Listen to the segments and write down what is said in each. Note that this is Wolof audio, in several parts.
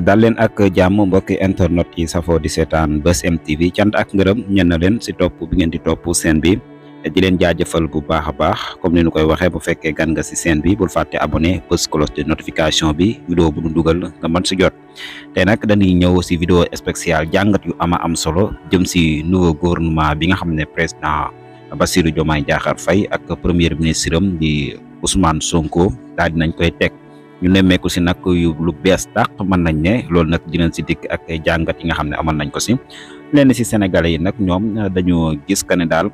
dal leen ak jàmm mbokk internet yi safo di seetaan Buzz M TV cant ak ngeureum ñen na leen si topp bi ngeen di top sen bi di len jaajeufal bu baaxa baax comme ni ñu koy waxee bu fekke gan nga ci sen bi bul faté abonné bës cloche de notification bi vidéo bu ñu dugal nga man ci jot nak dañ dañuy ñëw ci vidéo spécial jangat yu ama am solo jëm ci nouveau gouvernement bi nga xamné président Bassirou Diomaye Diakhar Faye ak premier ministre di Ousmane Sonko dal dinañ koy tek ñu nemmeeku si nag yu lu bees tàq mën nañ ne loolu nag dinañ si dikk ak jàngat yi nga xam ne amoon nañ ko si lenn si sénégalais yi nag ñoom dañu gis ka ne daal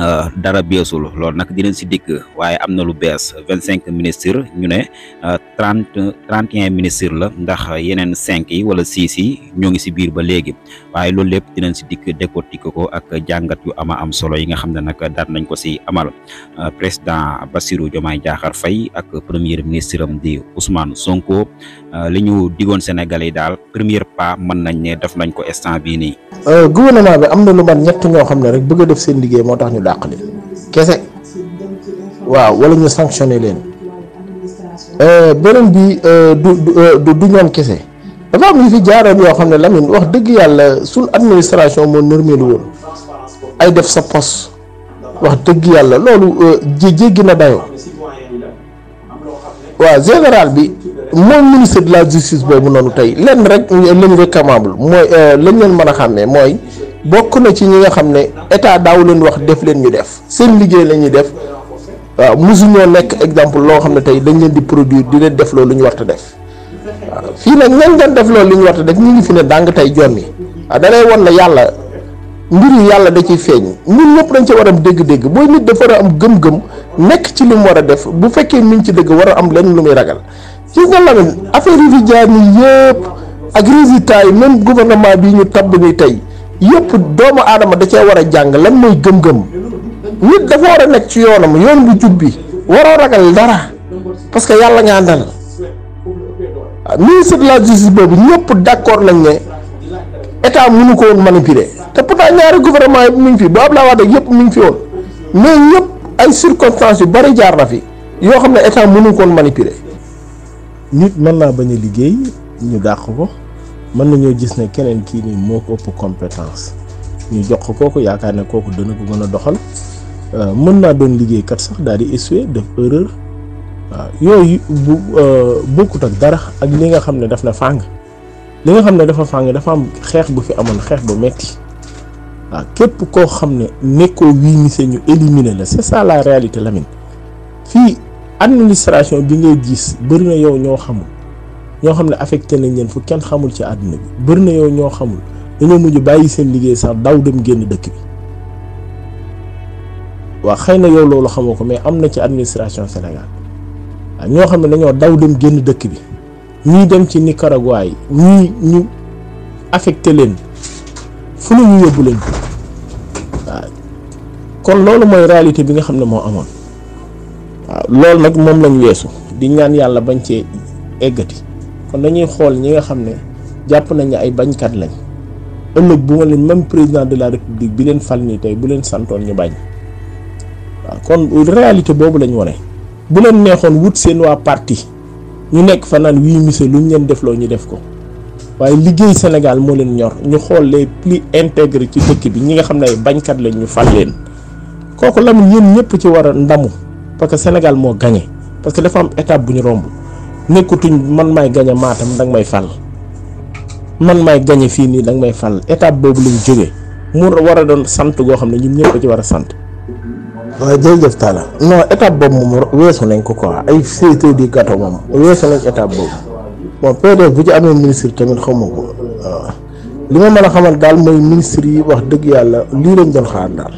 Eh, dara beesul lool nak dinañ ci dik waye amna lu bes 25 ministre ñu ne 30 31 ministre la ndax yenen 5 yi wala 6 yi ñoo ngi ci biir ba légui waye lool lepp dinañ ci dik décortique ko ak jangat yu ama am solo yi nga xamne nak nag nañ ko ci amal eh, président Bassirou Diomaye Diakhar Faye ak premier ministre am di Ousmane Sonko eh, li ñu digon Sénégalais dal premier pas man nañ né def nañ ko instant bi ni euh gouvernement bi amna lu man ñett ñoo xamne rek bëgg def seen liggéey moo tax ñu dàq leen kese waaw wala ñu sanctionné leen euh, beneen bi euh, euh, du du ñoom kese dafa am lu fi jaaroon yoo xam ne Lamine wax dëgg yàlla suñ administration moo normelu woon ay def sa pos wax dëgg yàlla loolu jéggi na dayoo waaw général bi moom ministre de la justice boobu noonu tey lenn rek lañ recommandable mooy lañ leen mën a xàmmee mooy. bokk na ci ñi nga xam ne état daaw leen wax def leen ñu def seen liggéey la ñuy def waaw mosuñoo nekk exemple loo xam ne tey dañ leen di produit di leen def loo lu ñu war def fii nag ñan ngeen def loolu lu ñu war def ñu ngi fi ne dàng tey jommi waaw da lay won na yàlla mbir yi yàlla da ciy feeñ ñun ñëpp dañ ci war a am dégg-dégg booy nit dafa war am gëm-gëm nekk ci lu mu war a def bu fekkee mi ngi ci dégg war a am lenn lu muy ragal gis nga la affaire yi fi jaar nii yëpp ak résultat yi même gouvernement bi ñu tabb ni tey. yëpp doomu aadama da cee war a jàng lan mooy gëm-gëm nit dafa war a nekk ci yoonam yoon bu jub bi waroo ragal dara parce que yàlla nga àndal ah, ministre de la justice boobu ñëpp d'accord nañ ne état mënu ko woon manipuler te pourtant ñaari gouvernement yi mi ngi fi bu Abdoulaye Wade yëpp mi ngi fi woon mais ñëpp ay circonstances yu bari jaar na fi yoo xam ne état mënu ko woon manipuler. nit mën naa bañ a liggéey ñu dàq ko. mën nañoo gis ne keneen kii nii moo ko ëpp compétence ñu jox ko kooku yaakaar ne kooku dana ko mën a doxal euh, mën naa doon liggéeykat sax daal di essuyer def erreur waa yooyu bu euh, bokkut ak dara ak li nga xam ne daf na fàng li nga xam ne dafa fàng dafa am xeex bu fi amoon xeex bu metti waaw képp koo xam ne nekkoo wii mise ñu éliminer la c'est ça la réalité Lamine fii administration bi ngay gis bëri na yow ñoo xamul. ñoo xam ne affecté nañ leen fu kenn xamul ci àdduna bi bëri na yow ñoo xamul dañoo mujj bàyyi seen liggéey sax daw dem génn dëkk bi waaw xëy na yow loolu xamoo ko mais am na ci administration Sénégal waaw ñoo xam ne dañoo daw dem génn dëkk bi ñii dem ci ni karaguwaay ñii ñu affecté leen fu ne ñu yóbbu leen ko waaw kon loolu mooy réalité bi nga xam ne moo amoon waaw loolu nag moom lañ weesu di ñaan yàlla bañ cee eggati. kon nañuy xool ñi nga xam ne jàpp nañ ne ay bañkat lañ ëllëg bu ma leen même président de la république bi leen fal nii tey bu leen santoon ñu bañ waaw kon réalité boobu lañ wane bu leen neexoon wut seen waa parti ñu nekk fa naan wii monsieur lu ñu leen defloo ñu def ko waaye liggéey Sénégal moo leen ñor ñu xool les plus intègres ci dëkk bi ñi nga xam ne ay bañkat lañ ñu fal leen kooku lamun yéen ñëpp ci war a ndamu parce que Sénégal moo gagné parce que dafa am étape bu ñu romb nekkutuñ man may gañe matam dang may fal man may gañe fi ni dang may fal étape bobu lañ jogé mu wara don sante go xamné ñun ñepp ci wara sante way jël def tala non étape bobu mu wessu nañ ko quoi ay féete di gâteau mom wessu nañ étape bobu bon pédé bu ci amé ministre tamit xamoko li ma mën xamal dal moy ministre yi wax dëgg yalla li lañ doon xaar dal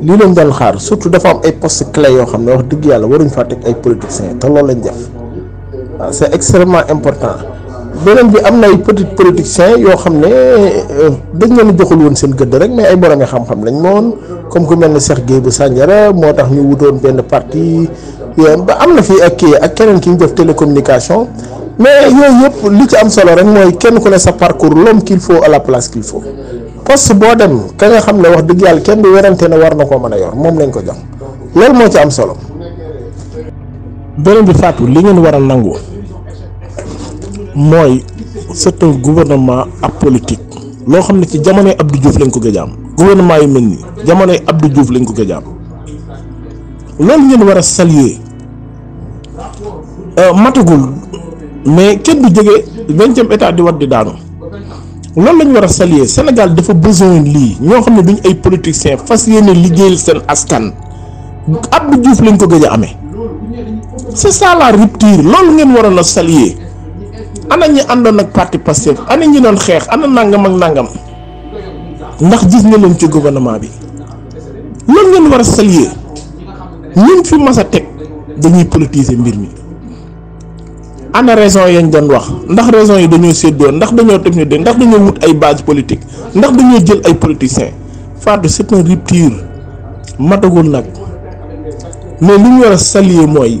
li lañ doon xaar surtout dafa am ay poste clé yo xamné wax dëgg yalla waruñ fa tek ay politiciens te loolu lañ def c'est extrêmement important benen bi amna ay petits politiciens yo xamné euh, dañ ñu joxul won seen gëdd rek mais ay borom yi xam-xam lañ moon comme ku melni Cheikh Gueye bu motax ñu wutoon ben parti ba amna fi ak ak keneen ki ñu def télécommunication mais yoy yëpp li ci am solo rek moy kenn ku ne sa parcours l'homme qu'il faut à la place qu'il faut poste bo dem ka nga xamné wax dëgg yalla kenn du werante na war na koo mën yor mom lañ ko jox lool mo ci am solo. beneen bi Fatou li ngeen war a nangu mooy c'est un gouvernement apolitique loo xam ne ci jamonoy Abdou Diouf lañ ko gëj am gouvernement yu mel nii jamonoy Abdou Diouf lañ ko gëj am loolu ngeen war a saluer euh, matagul mais kenn du jege vingtième état di war di daanu loolu lañ war a saluer Sénégal dafa besoin lii ñoo xam ne duñ ay politiciens fas yéene liggéeyal seen askan Abdou Diouf lañ ko gëj a amee. c'est ça la rupture loolu ngeen waroon a saluer ana ñi àndoon ak parti Pastef ana ñi doon xeex ana nangam ak nangam ndax gis nga leen ci gouvernement bi loolu ngeen war a saluer ñun fi mas a teg dañuy politiser mbir mi ana raison yañ doon wax ndax raison yi dañoo séddoo ndax dañoo tëb ñu de ndax dañoo wut ay base politique ndax dañoo jël ay politiciens Fatou c'est une rupture matagul nag mais li ñu war a saluer mooy.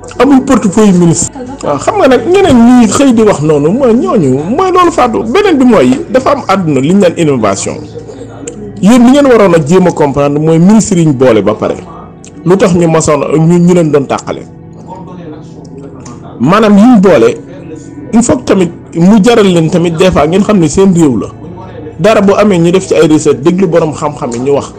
amul portefeuille ministre. Ah, waaw xam nga nag ñeneen ñi xëy di wax noonu mooy ñooñu mooy loolu Fatou beneen bi mooy dafa am àdduna li ñu naan innovation yéen li ngeen waroon ak jéem a comprendre mooy ministre yi ñu boole ba pare lu tax ñu masoon ñu ñu leen doon tàqale maanaam yi ñu boole il tamit mu jaral leen tamit des fois ngeen xam ne seen réew la dara bu amee ñu def ci ay recherche déglu borom xam-xam yi ñu wax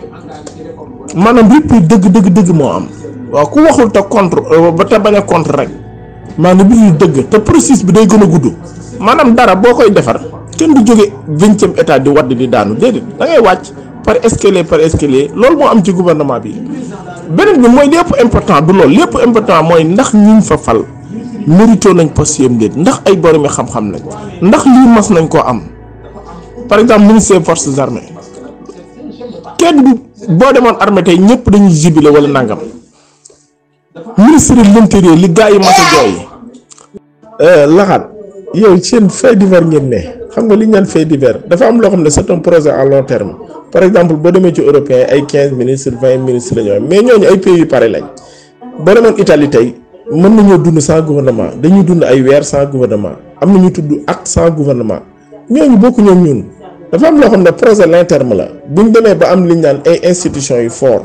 maanaam lépp dëgg dëgg dëgg moo am. waaw ku waxul te contre euh, ba te bañ a contre rek maanaam bu ñu dëgg te processus bi day gën a gudd maanaam dara boo koy defar kenn du jóge vingtième état di wadd di daanu déedéet da ngay wàcc par escalier par escalier loolu moo am ci gouvernement bi beneen bi mooy lépp important du loolu lépp important mooy ndax ñu fa fal mérito nañ poste yam déet ndax ay boromi xam-xam lañ ndax lii mas nañ koo am par exemple ministère forces armées kenn boo demoon armée tey ñëpp dañuy jibile wala nangam. ministre de l'intérieur li gars yi mas a jooy eh, laxaat yow seen fait divers ngeen ne xam nga liñ ñu naan fait dafa am loo xam ne c'est un projet à long terme par exemple boo demee ci européen ay quinze ministres vingt ministres la ñu mais ñooñu ay pays yu pare lañ boo demoon Italie tey mën nañoo dund sans gouvernement dañuy dund ay weer sans gouvernement am na ñu tudd ak sans gouvernement ñooñu bokku ñoom ñun dafa am loo xam ne projet long terme la buñ demee ba am li ñu naan ay institutions yu fort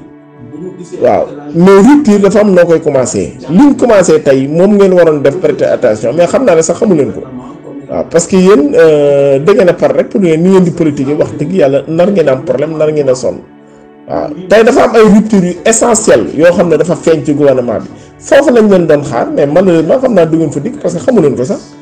waaw mais rupture dafa am noo koy commencé liñ commencé tey moom ngeen waroon def prêter attention mais xam naa ne sax xamu leen ko waaw parce que yéen euh, da ngeen a par rek pour ni ngeen di politique wax dëgg yàlla nar ngeen am problème nar ngeen a sonn waaw tey dafa am ay rupture yu essentielle yoo xam ne dafa feeñ ci gouvernement bi foofu lañ leen doon xaar mais malheureusement xam naa du ngeen fa dikk parce que xamu ko sax.